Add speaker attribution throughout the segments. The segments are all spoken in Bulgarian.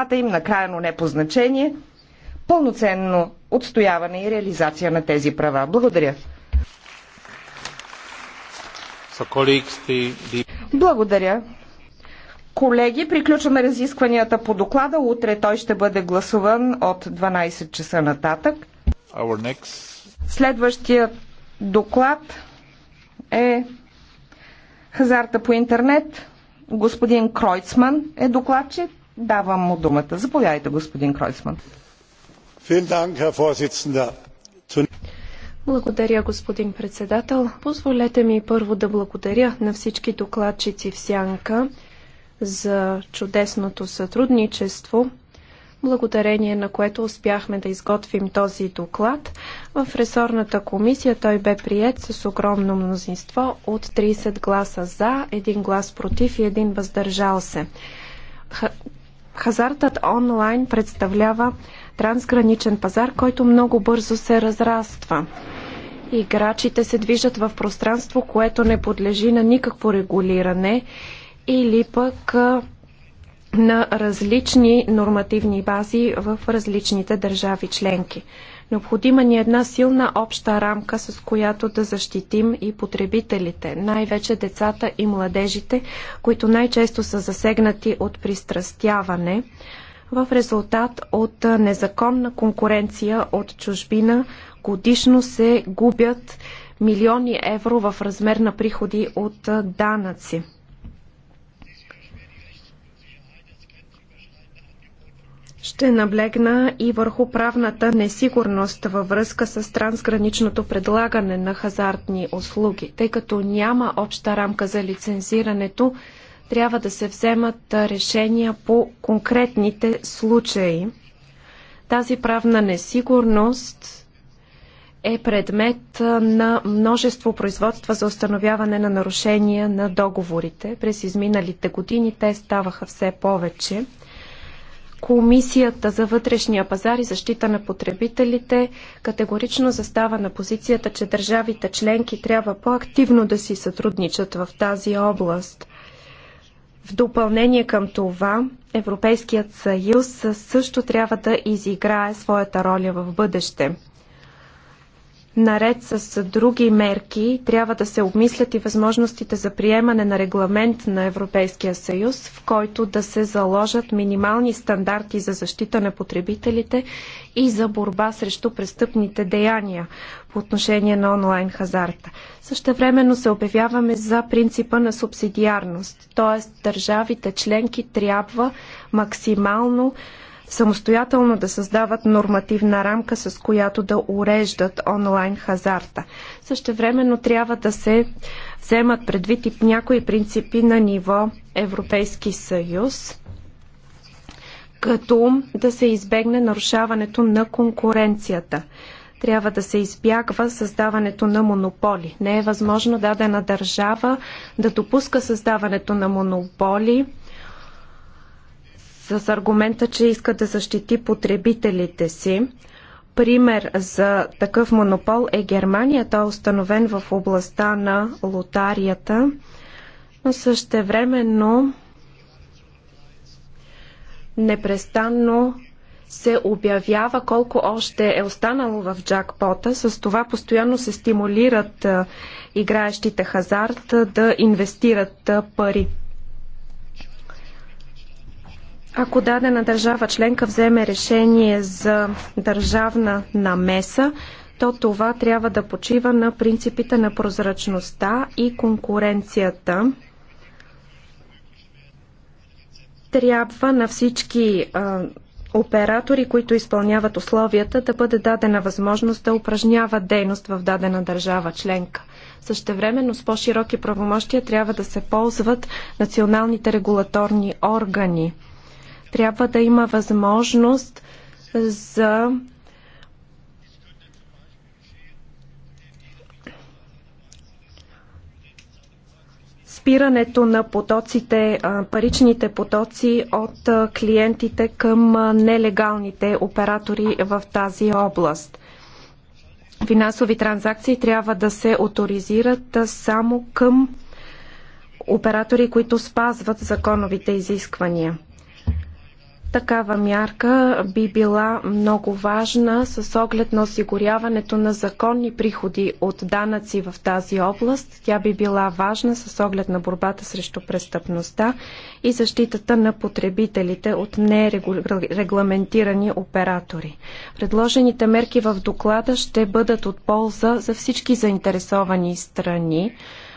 Speaker 1: Това им, накрая, но не по значение, пълноценно отстояване и реализация на тези права. Благодаря. Благодаря. Колеги, приключваме разискванията по доклада. Утре той ще бъде гласуван от 12 часа нататък. Следващият доклад е хазарта по интернет. Господин Кройцман е докладчик. Давам му думата. Заповядайте, господин Кройцман.
Speaker 2: Благодаря, господин председател. Позволете ми първо да благодаря на всички докладчици в Сянка за чудесното сътрудничество, благодарение на което успяхме да изготвим този доклад. В ресорната комисия той бе прият с огромно мнозинство от 30 гласа за, един глас против и един въздържал се Хазартът онлайн представлява трансграничен пазар, който много бързо се разраства. Играчите се движат в пространство, което не подлежи на никакво регулиране или пък на различни нормативни бази в различните държави членки. Необходима ни е една силна обща рамка, с която да защитим и потребителите, най-вече децата и младежите, които най-често са засегнати от пристрастяване в резултат от незаконна конкуренция от чужбина. Годишно се губят милиони евро в размер на приходи от данъци. Ще наблегна и върху правната несигурност във връзка с трансграничното предлагане на хазартни услуги. Тъй като няма обща рамка за лицензирането, трябва да се вземат решения по конкретните случаи. Тази правна несигурност е предмет на множество производства за установяване на нарушения на договорите. През изминалите години те ставаха все повече. Комисията за вътрешния пазар и защита на потребителите категорично застава на позицията, че държавите членки трябва по-активно да си сътрудничат в тази област. В допълнение към това, Европейският съюз също трябва да изиграе своята роля в бъдеще. Наред с други мерки трябва да се обмислят и възможностите за приемане на регламент на Европейския съюз, в който да се заложат минимални стандарти за защита на потребителите и за борба срещу престъпните деяния по отношение на онлайн хазарта. Същевременно се обявяваме за принципа на субсидиарност, т.е. държавите членки трябва максимално самостоятелно да създават нормативна рамка, с която да уреждат онлайн хазарта. Същевременно трябва да се вземат предвид и някои принципи на ниво Европейски съюз, като да се избегне нарушаването на конкуренцията трябва да се избягва създаването на монополи. Не е възможно дадена държава да допуска създаването на монополи с аргумента, че иска да защити потребителите си. Пример за такъв монопол е Германия. Той е установен в областта на лотарията, но същевременно непрестанно се обявява колко още е останало в джакпота. С това постоянно се стимулират играещите хазарт да инвестират пари. Ако дадена държава членка вземе решение за държавна намеса, то това трябва да почива на принципите на прозрачността и конкуренцията. Трябва на всички а, оператори, които изпълняват условията, да бъде дадена възможност да упражняват дейност в дадена държава членка. Същевременно с по-широки правомощия трябва да се ползват националните регулаторни органи трябва да има възможност за спирането на потоците, паричните потоци от клиентите към нелегалните оператори в тази област. Финансови транзакции трябва да се авторизират само към оператори, които спазват законовите изисквания. Такава мярка би била много важна с оглед на осигуряването на законни приходи от данъци в тази област. Тя би била важна с оглед на борбата срещу престъпността и защитата на потребителите от нерегламентирани оператори. Предложените мерки в доклада ще бъдат от полза за всички заинтересовани страни.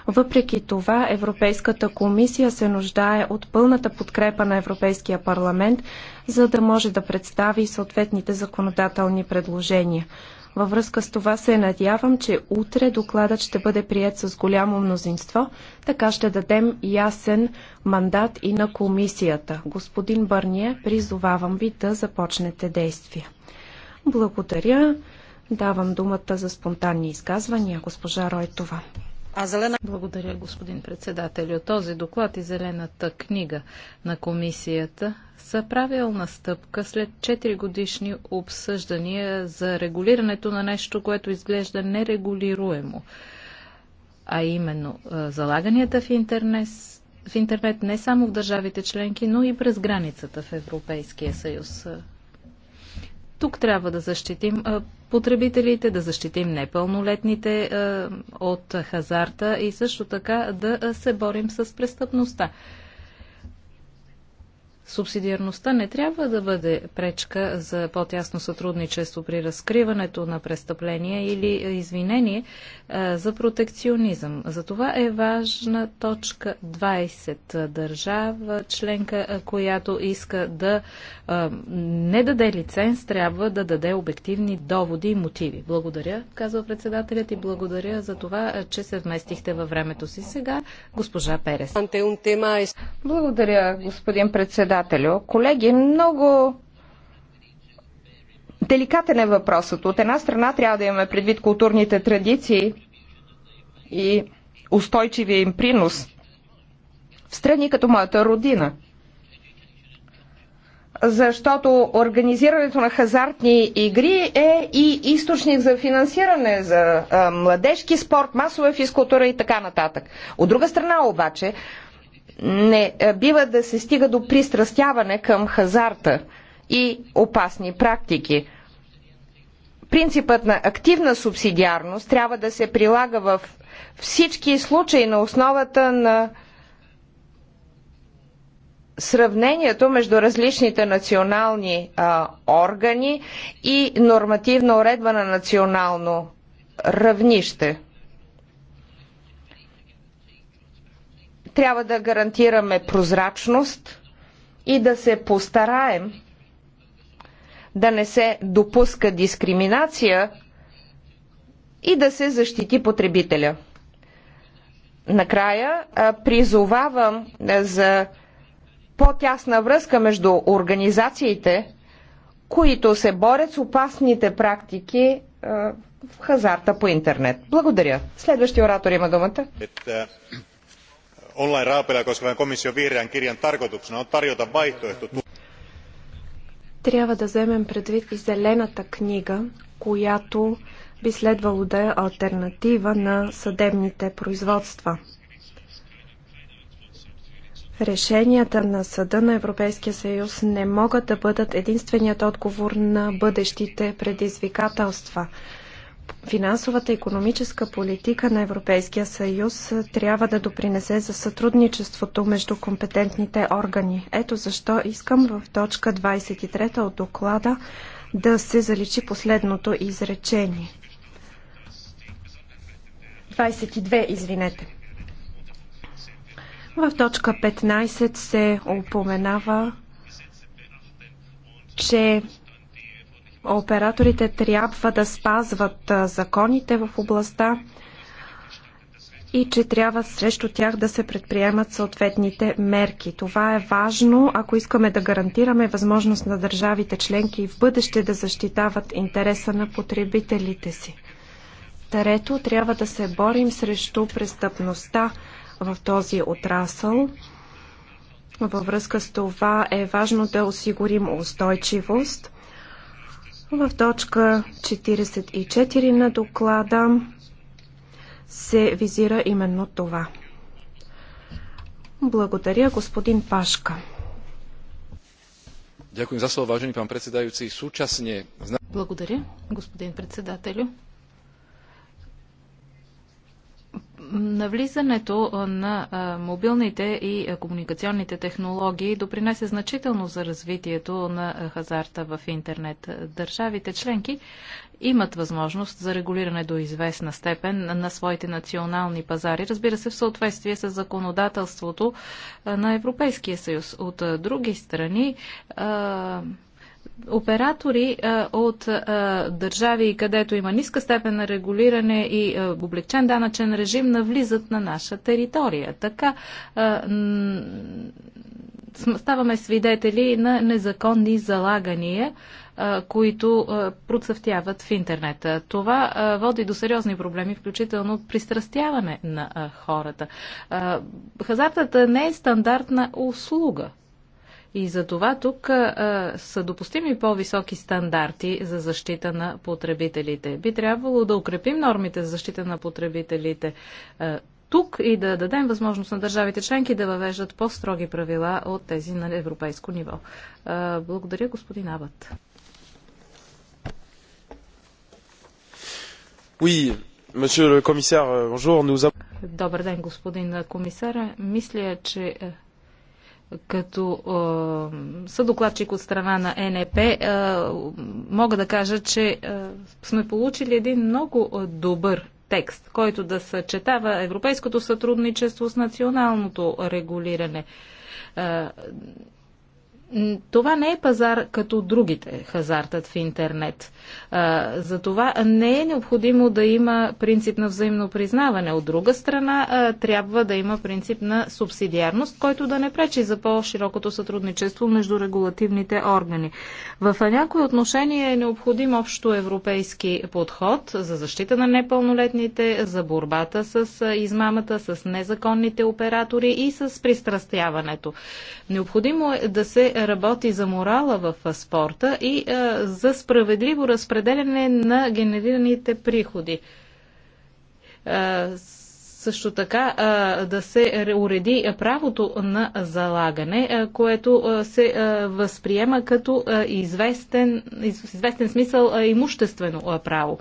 Speaker 2: Въпреки това, Европейската комисия се нуждае от пълната подкрепа на Европейския парламент, за да може да представи съответните законодателни предложения. Във връзка с това се надявам, че утре докладът ще бъде прият с голямо мнозинство, така ще дадем ясен мандат и на комисията. Господин Бърния, призовавам ви да започнете действия. Благодаря. Давам думата за спонтанни изказвания, госпожа Ройтова
Speaker 3: а зелена... Благодаря, господин председател. Този доклад и зелената книга на комисията са правилна стъпка след 4 годишни обсъждания за регулирането на нещо, което изглежда нерегулируемо. А именно залаганията в интернет, в интернет не само в държавите членки, но и през границата в Европейския съюз. Тук трябва да защитим потребителите, да защитим непълнолетните е, от хазарта и също така да се борим с престъпността. Субсидиарността не трябва да бъде пречка за по-тясно сътрудничество при разкриването на престъпления или извинение за протекционизъм. Затова е важна точка 20 държава членка, която иска да не даде лиценз, трябва да даде обективни доводи и мотиви. Благодаря, казва председателят и благодаря за това, че се вместихте във времето си сега, госпожа Перес. Благодаря, господин председател председателю. Колеги, много
Speaker 1: деликатен е въпросът. От една страна трябва да имаме предвид културните традиции и устойчивия им принос в страни като моята родина. Защото организирането на хазартни игри е и източник за финансиране за а, младежки спорт, масова физкултура и така нататък. От друга страна обаче, не е, бива да се стига до пристрастяване към хазарта и опасни практики. Принципът на активна субсидиарност трябва да се прилага в всички случаи на основата на сравнението между различните национални а, органи и нормативна уредба на национално равнище. Трябва да гарантираме прозрачност и да се постараем да не се допуска дискриминация и да се защити потребителя. Накрая призовавам за по-тясна връзка между организациите, които се борят с опасните практики в хазарта по интернет. Благодаря. Следващия оратор има думата.
Speaker 3: Е, е, online raapelia koskevan komission vihreän kirjan tarkoituksena on tarjota vaihtoehto
Speaker 2: трябва да вземем предвид и зелената книга, която би следвало да е альтернатива на съдебните производства. Решенията на Съда на Европейския съюз не могат да бъдат единственият отговор на бъдещите предизвикателства финансовата и економическа политика на Европейския съюз трябва да допринесе за сътрудничеството между компетентните органи. Ето защо искам в точка 23 от доклада да се заличи последното изречение. 22, извинете. В точка 15 се упоменава, че Операторите трябва да спазват законите в областта и че трябва срещу тях да се предприемат съответните мерки. Това е важно, ако искаме да гарантираме възможност на държавите членки и в бъдеще да защитават интереса на потребителите си. Трето, трябва да се борим срещу престъпността в този отрасъл. Във връзка с това е важно да осигурим устойчивост – в точка 44 на доклада се визира именно това. Благодаря, господин Пашка.
Speaker 3: Благодаря, господин председателю. Навлизането на мобилните и комуникационните технологии допринесе значително за развитието на хазарта в интернет. Държавите членки имат възможност за регулиране до известна степен на своите национални пазари, разбира се в съответствие с законодателството на Европейския съюз. От други страни оператори а, от а, държави, където има ниска степен на регулиране и а, облегчен данъчен режим, навлизат на наша територия. Така ставаме свидетели на незаконни залагания, които процъфтяват в интернет. Това води до сериозни проблеми, включително пристрастяване на хората. Хазартът не е стандартна услуга и за това тук а, са допустими по-високи стандарти за защита на потребителите. Би трябвало да укрепим нормите за защита на потребителите а, тук и да дадем възможност на държавите членки да въвеждат по-строги правила от тези на европейско ниво. А, благодаря, господин Абът.
Speaker 1: Oui, monsieur le commissaire, bonjour. Nous...
Speaker 3: Добър ден, господин комисар. Мисля, че е, като е, съдокладчик от страна на НЕП, е, мога да кажа, че е, сме получили един много добър текст, който да съчетава европейското сътрудничество с националното регулиране. Е, това не е пазар като другите, хазартът в интернет. Затова не е необходимо да има принцип на взаимно признаване. От друга страна, трябва да има принцип на субсидиарност, който да не пречи за по-широкото сътрудничество между регулативните органи. В някои отношения е необходим общо европейски подход за защита на непълнолетните, за борбата с измамата, с незаконните оператори и с пристрастяването. Необходимо е да се работи за морала в спорта и за справедливо разпределяне на генерираните приходи. Също така да се уреди правото на залагане, което се възприема като известен, известен смисъл имуществено право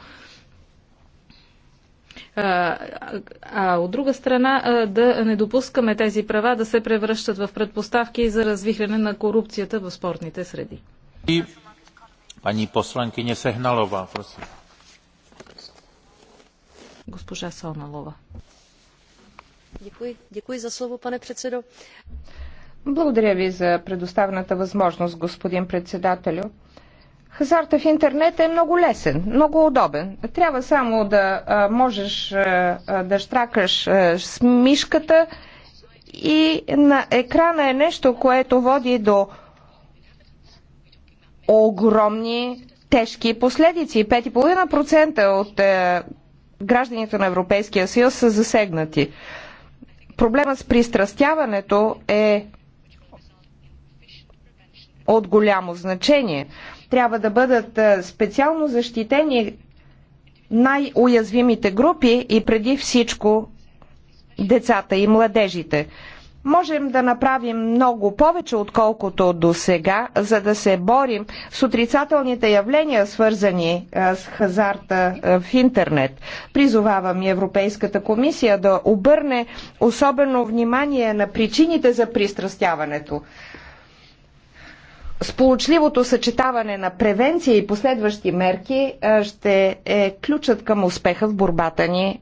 Speaker 3: а от друга страна да не допускаме тези права да се превръщат в предпоставки за развихрене на корупцията в спортните среди. И пани посланкиня Сехналова, просим. Госпожа Соналова.
Speaker 2: Děkuji, děkuji za slovo, pane
Speaker 1: předsedo. Благодаря ви за предоставената възможност, господин председателю. Хазарта в интернет е много лесен, много удобен. Трябва само да а, можеш а, да штракаш а, с мишката и на екрана е нещо, което води до огромни тежки последици. 5,5% от а, е, гражданите на Европейския съюз са засегнати. Проблемът с пристрастяването е от голямо значение трябва да бъдат специално защитени най-уязвимите групи и преди всичко децата и младежите. Можем да направим много повече, отколкото до сега, за да се борим с отрицателните явления, свързани с хазарта в интернет. Призовавам Европейската комисия да обърне особено внимание на причините за пристрастяването. Сполучливото съчетаване на превенция и последващи мерки ще е ключът към успеха в борбата ни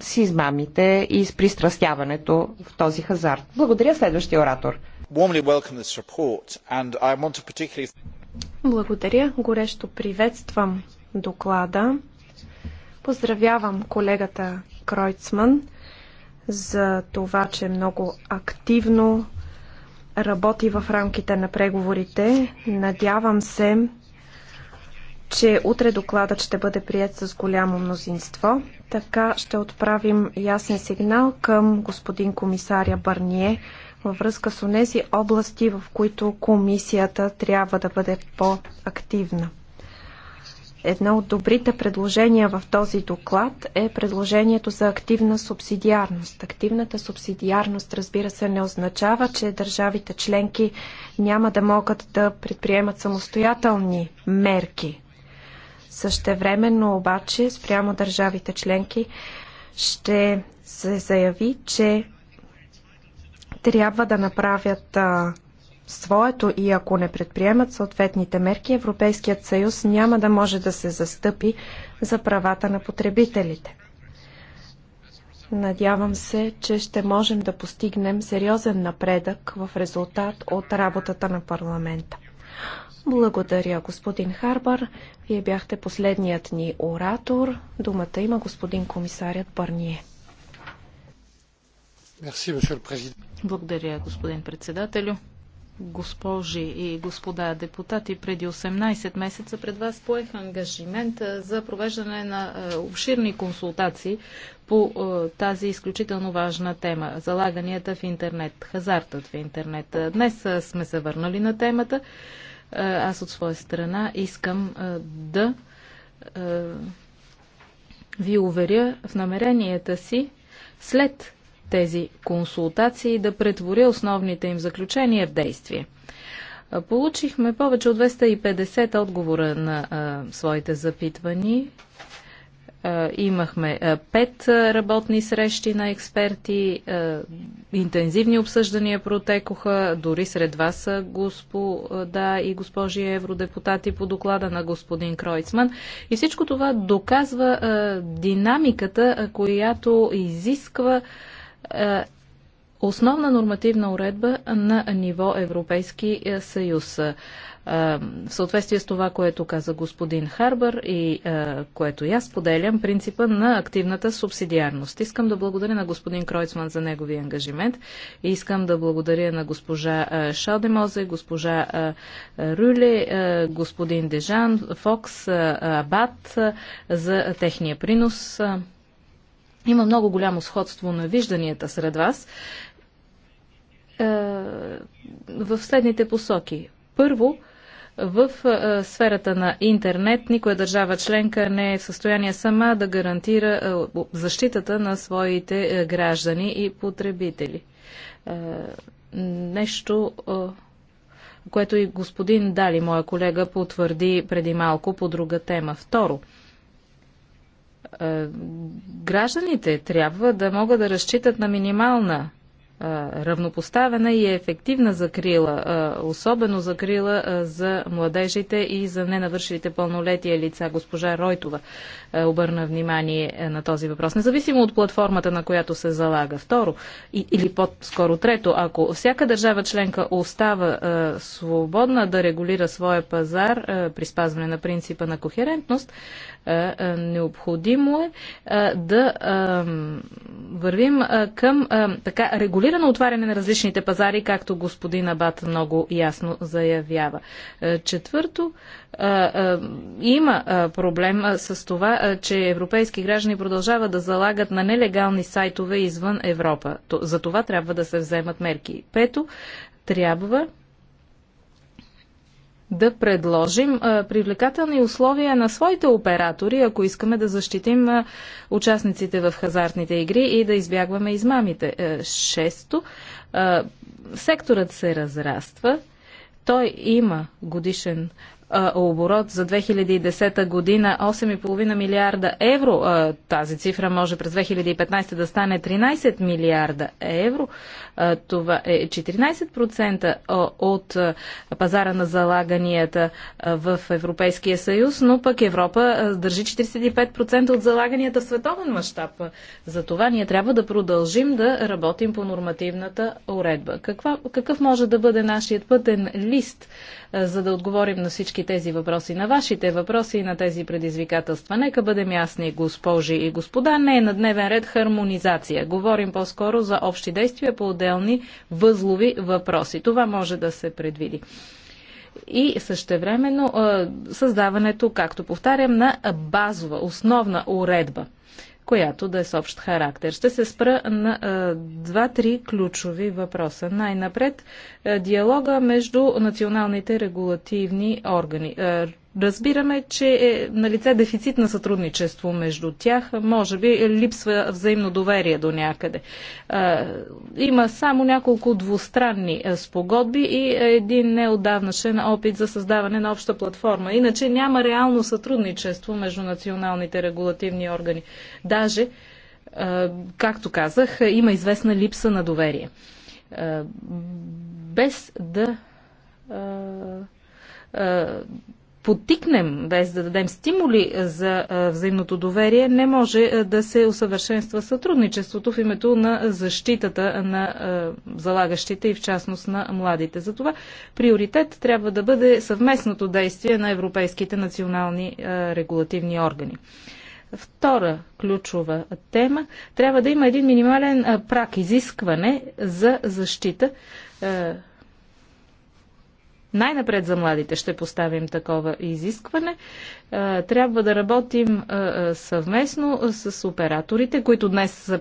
Speaker 1: с измамите и с пристрастяването в този хазарт. Благодаря следващия оратор.
Speaker 2: Благодаря. Горещо приветствам доклада. Поздравявам колегата Кройцман за това, че много активно работи в рамките на преговорите. Надявам се, че утре докладът ще бъде прият с голямо мнозинство. Така ще отправим ясен сигнал към господин комисаря Барние във връзка с онези области, в които комисията трябва да бъде по-активна. Едно от добрите предложения в този доклад е предложението за активна субсидиарност. Активната субсидиарност, разбира се, не означава, че държавите членки няма да могат да предприемат самостоятелни мерки. Същевременно обаче, спрямо държавите членки, ще се заяви, че трябва да направят а, своето и ако не предприемат съответните мерки, Европейският съюз няма да може да се застъпи за правата на потребителите. Надявам се, че ще можем да постигнем сериозен напредък в резултат от работата на парламента. Благодаря, господин Харбър. Вие бяхте последният ни оратор. Думата има
Speaker 3: господин комисарят Барние. Благодаря, господин председателю госпожи и господа депутати, преди 18 месеца пред вас поех ангажимент за провеждане на обширни консултации по тази изключително важна тема – залаганията в интернет, хазартът в интернет. Днес сме се върнали на темата. Аз от своя страна искам да ви уверя в намеренията си след тези консултации и да претворя основните им заключения в действие. Получихме повече от 250 отговора на а, своите запитвани. А, имахме пет работни срещи на експерти, а, интензивни обсъждания протекоха, дори сред вас господа и госпожи евродепутати по доклада на господин Кройцман. И всичко това доказва а, динамиката, а, която изисква а, е, основна нормативна уредба на ниво Европейски е, съюз. Е, в съответствие с това, което каза господин Харбър и което и аз поделям, принципа на активната субсидиарност. Искам да благодаря на господин Кройцман за неговия ангажимент и искам да благодаря на госпожа Шалдемозе, госпожа Рюле, господин Дежан, Фокс, Абат за техния принос. Има много голямо сходство на вижданията сред вас е, в следните посоки. Първо, в е, сферата на интернет никоя държава членка не е в състояние сама да гарантира е, защитата на своите е, граждани и потребители. Е, нещо, е, което и господин Дали, моя колега, потвърди преди малко по друга тема. Второ, е, гражданите трябва да могат да разчитат на минимална е, равнопоставена и ефективна закрила, е, особено закрила за младежите и за ненавършилите пълнолетия лица. Госпожа Ройтова обърна внимание на този въпрос, независимо от платформата, на която се залага. Второ, или по-скоро трето, ако всяка държава членка остава свободна да регулира своя пазар при спазване на принципа на кохерентност, е, е, необходимо е, е да вървим към така регулирано отваряне на различните пазари, както господин Абат много ясно заявява. Четвърто, има проблем с това, че европейски граждани продължават да залагат на нелегални сайтове извън Европа. За това трябва да се вземат мерки. Пето, трябва да предложим привлекателни условия на своите оператори, ако искаме да защитим участниците в хазартните игри и да избягваме измамите. Е, шесто, секторът се разраства. Той има годишен оборот за 2010 година 8,5 милиарда евро. Тази цифра може през 2015 да стане 13 милиарда евро. Това е 14% от пазара на залаганията в Европейския съюз, но пък Европа държи 45% от залаганията в световен мащаб. За това ние трябва да продължим да работим по нормативната уредба. Каква, какъв може да бъде нашият пътен лист, за да отговорим на всички всички тези въпроси, на вашите въпроси и на тези предизвикателства. Нека бъдем ясни, госпожи и господа, не е на дневен ред хармонизация. Говорим по-скоро за общи действия по отделни възлови въпроси. Това може да се предвиди и същевременно създаването, както повтарям, на базова, основна уредба която да е с общ характер. Ще се спра на два-три ключови въпроса. Най-напред диалога между националните регулативни органи. Разбираме, че е на лице дефицит на сътрудничество между тях. Може би липсва взаимно доверие до някъде. Има само няколко двустранни спогодби и един неодавнашен опит за създаване на обща платформа. Иначе няма реално сътрудничество между националните регулативни органи. Даже, както казах, има известна липса на доверие. Без да подтикнем, без да дадем стимули за взаимното доверие, не може да се усъвършенства сътрудничеството в името на защитата на залагащите и в частност на младите. Затова приоритет трябва да бъде съвместното действие на европейските национални регулативни органи. Втора ключова тема трябва да има един минимален прак изискване за защита най-напред за младите ще поставим такова изискване. Трябва да работим съвместно с операторите, които днес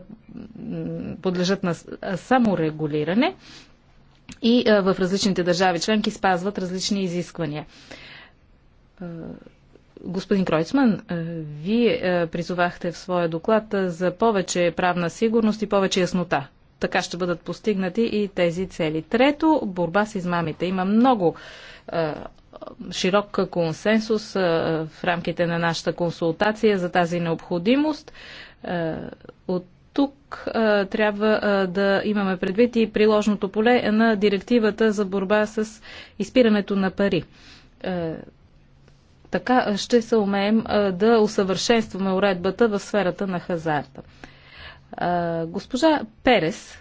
Speaker 3: подлежат на саморегулиране и в различните държави членки спазват различни изисквания. Господин Кройцман, вие призовахте в своя доклад за повече правна сигурност и повече яснота така ще бъдат постигнати и тези цели. Трето, борба с измамите. Има много е, широк консенсус е, в рамките на нашата консултация за тази необходимост. Е, от тук трябва да имаме предвид и приложното поле на директивата за борба с изпирането на пари. така ще се умеем да усъвършенстваме уредбата в сферата на хазарта госпожа Перес,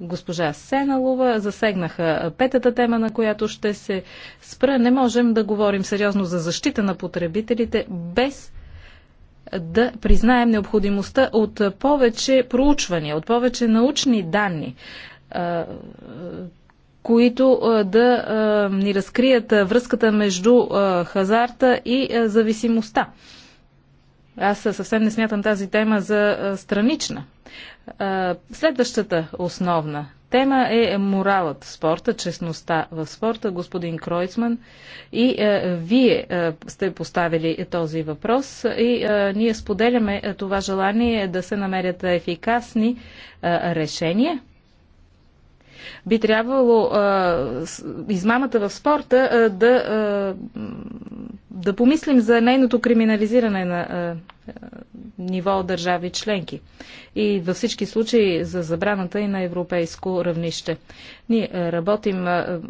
Speaker 3: госпожа Сеналова засегнаха петата тема, на която ще се спра. Не можем да говорим сериозно за защита на потребителите без да признаем необходимостта от повече проучвания, от повече научни данни, които да ни разкрият връзката между хазарта и зависимостта. Аз съвсем не смятам тази тема за странична. Следващата основна тема е моралът в спорта, честността в спорта, господин Кройцман. И вие сте поставили този въпрос и ние споделяме това желание да се намерят ефикасни решения. Би трябвало а, измамата в спорта а, да да помислим за нейното криминализиране на а, ниво държави членки и във всички случаи за забраната и на европейско равнище. Ние работим а,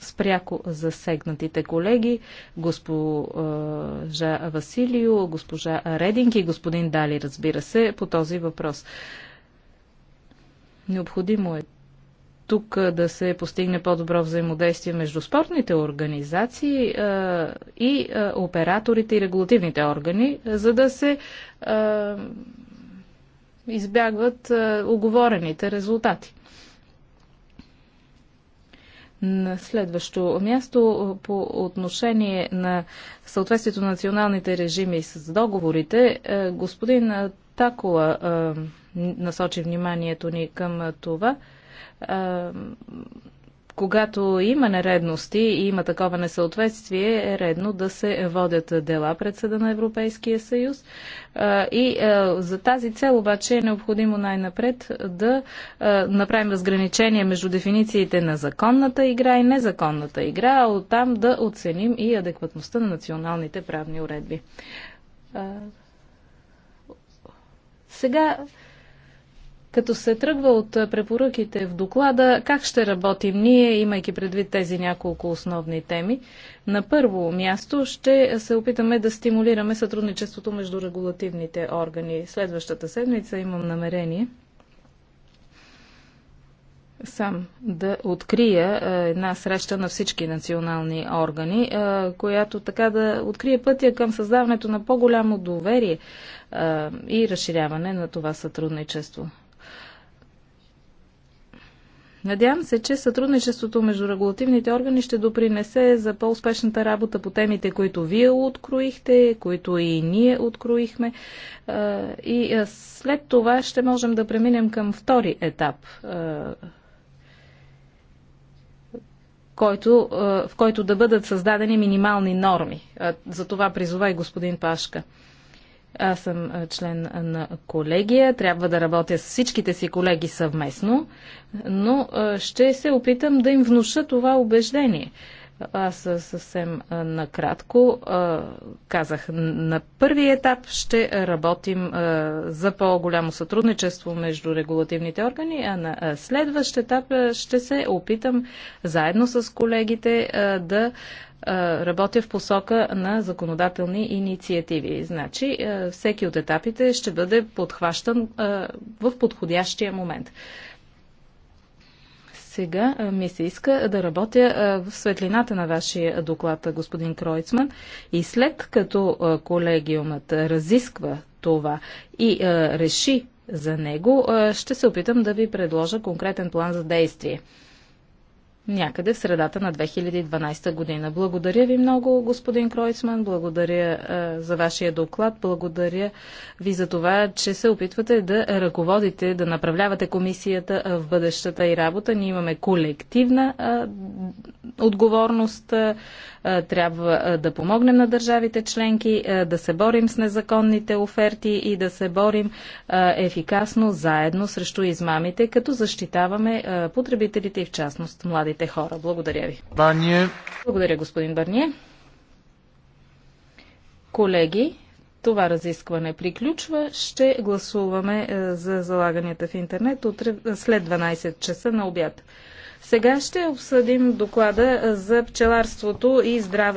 Speaker 3: спряко пряко засегнатите колеги, госпожа Василио, госпожа Рединг и господин Дали, разбира се, по този въпрос. Необходимо е тук да се постигне по-добро взаимодействие между спортните организации и операторите и регулативните органи, за да се избягват оговорените резултати. На следващо място по отношение на съответствието на националните режими с договорите, господин Такола насочи вниманието ни към това, когато има нередности и има такова несъответствие, е редно да се водят дела пред съда на Европейския съюз. И за тази цел обаче е необходимо най-напред да направим разграничение между дефинициите на законната игра и незаконната игра, а оттам да оценим и адекватността на националните правни уредби. Сега като се тръгва от препоръките в доклада, как ще работим ние, имайки предвид тези няколко основни теми? На първо място ще се опитаме да стимулираме сътрудничеството между регулативните органи. Следващата седмица имам намерение сам да открия една среща на всички национални органи, която така да открие пътя към създаването на по-голямо доверие и разширяване на това сътрудничество. Надявам се, че сътрудничеството между регулативните органи ще допринесе за по-успешната работа по темите, които вие откроихте, които и ние откроихме. И след това ще можем да преминем към втори етап който, в който да бъдат създадени минимални норми. За това призова и господин Пашка. Аз съм член на колегия, трябва да работя с всичките си колеги съвместно, но ще се опитам да им внуша това убеждение. Аз съвсем накратко казах, на първи етап ще работим за по-голямо сътрудничество между регулативните органи, а на следващ етап ще се опитам заедно с колегите да работя в посока на законодателни инициативи. Значи, всеки от етапите ще бъде подхващан в подходящия момент. Сега ми се иска да работя в светлината на вашия доклад, господин Кройцман. И след като колегиумът разисква това и реши за него, ще се опитам да ви предложа конкретен план за действие някъде в средата на 2012 година. Благодаря ви много, господин Кройцман, благодаря е, за вашия доклад, благодаря ви за това, че се опитвате да ръководите, да направлявате комисията е, в бъдещата и работа. Ние имаме колективна е, отговорност, трябва да помогнем на държавите членки, да се борим с незаконните оферти и да се борим ефикасно заедно срещу измамите, като защитаваме потребителите и в частност младите останалите хора. Благодаря ви. Бание. Благодаря, господин Барние. Колеги, това разискване приключва. Ще гласуваме е, за залаганията в интернет утре е, след 12 часа на обяд. Сега ще обсъдим доклада е, за пчеларството и здраве.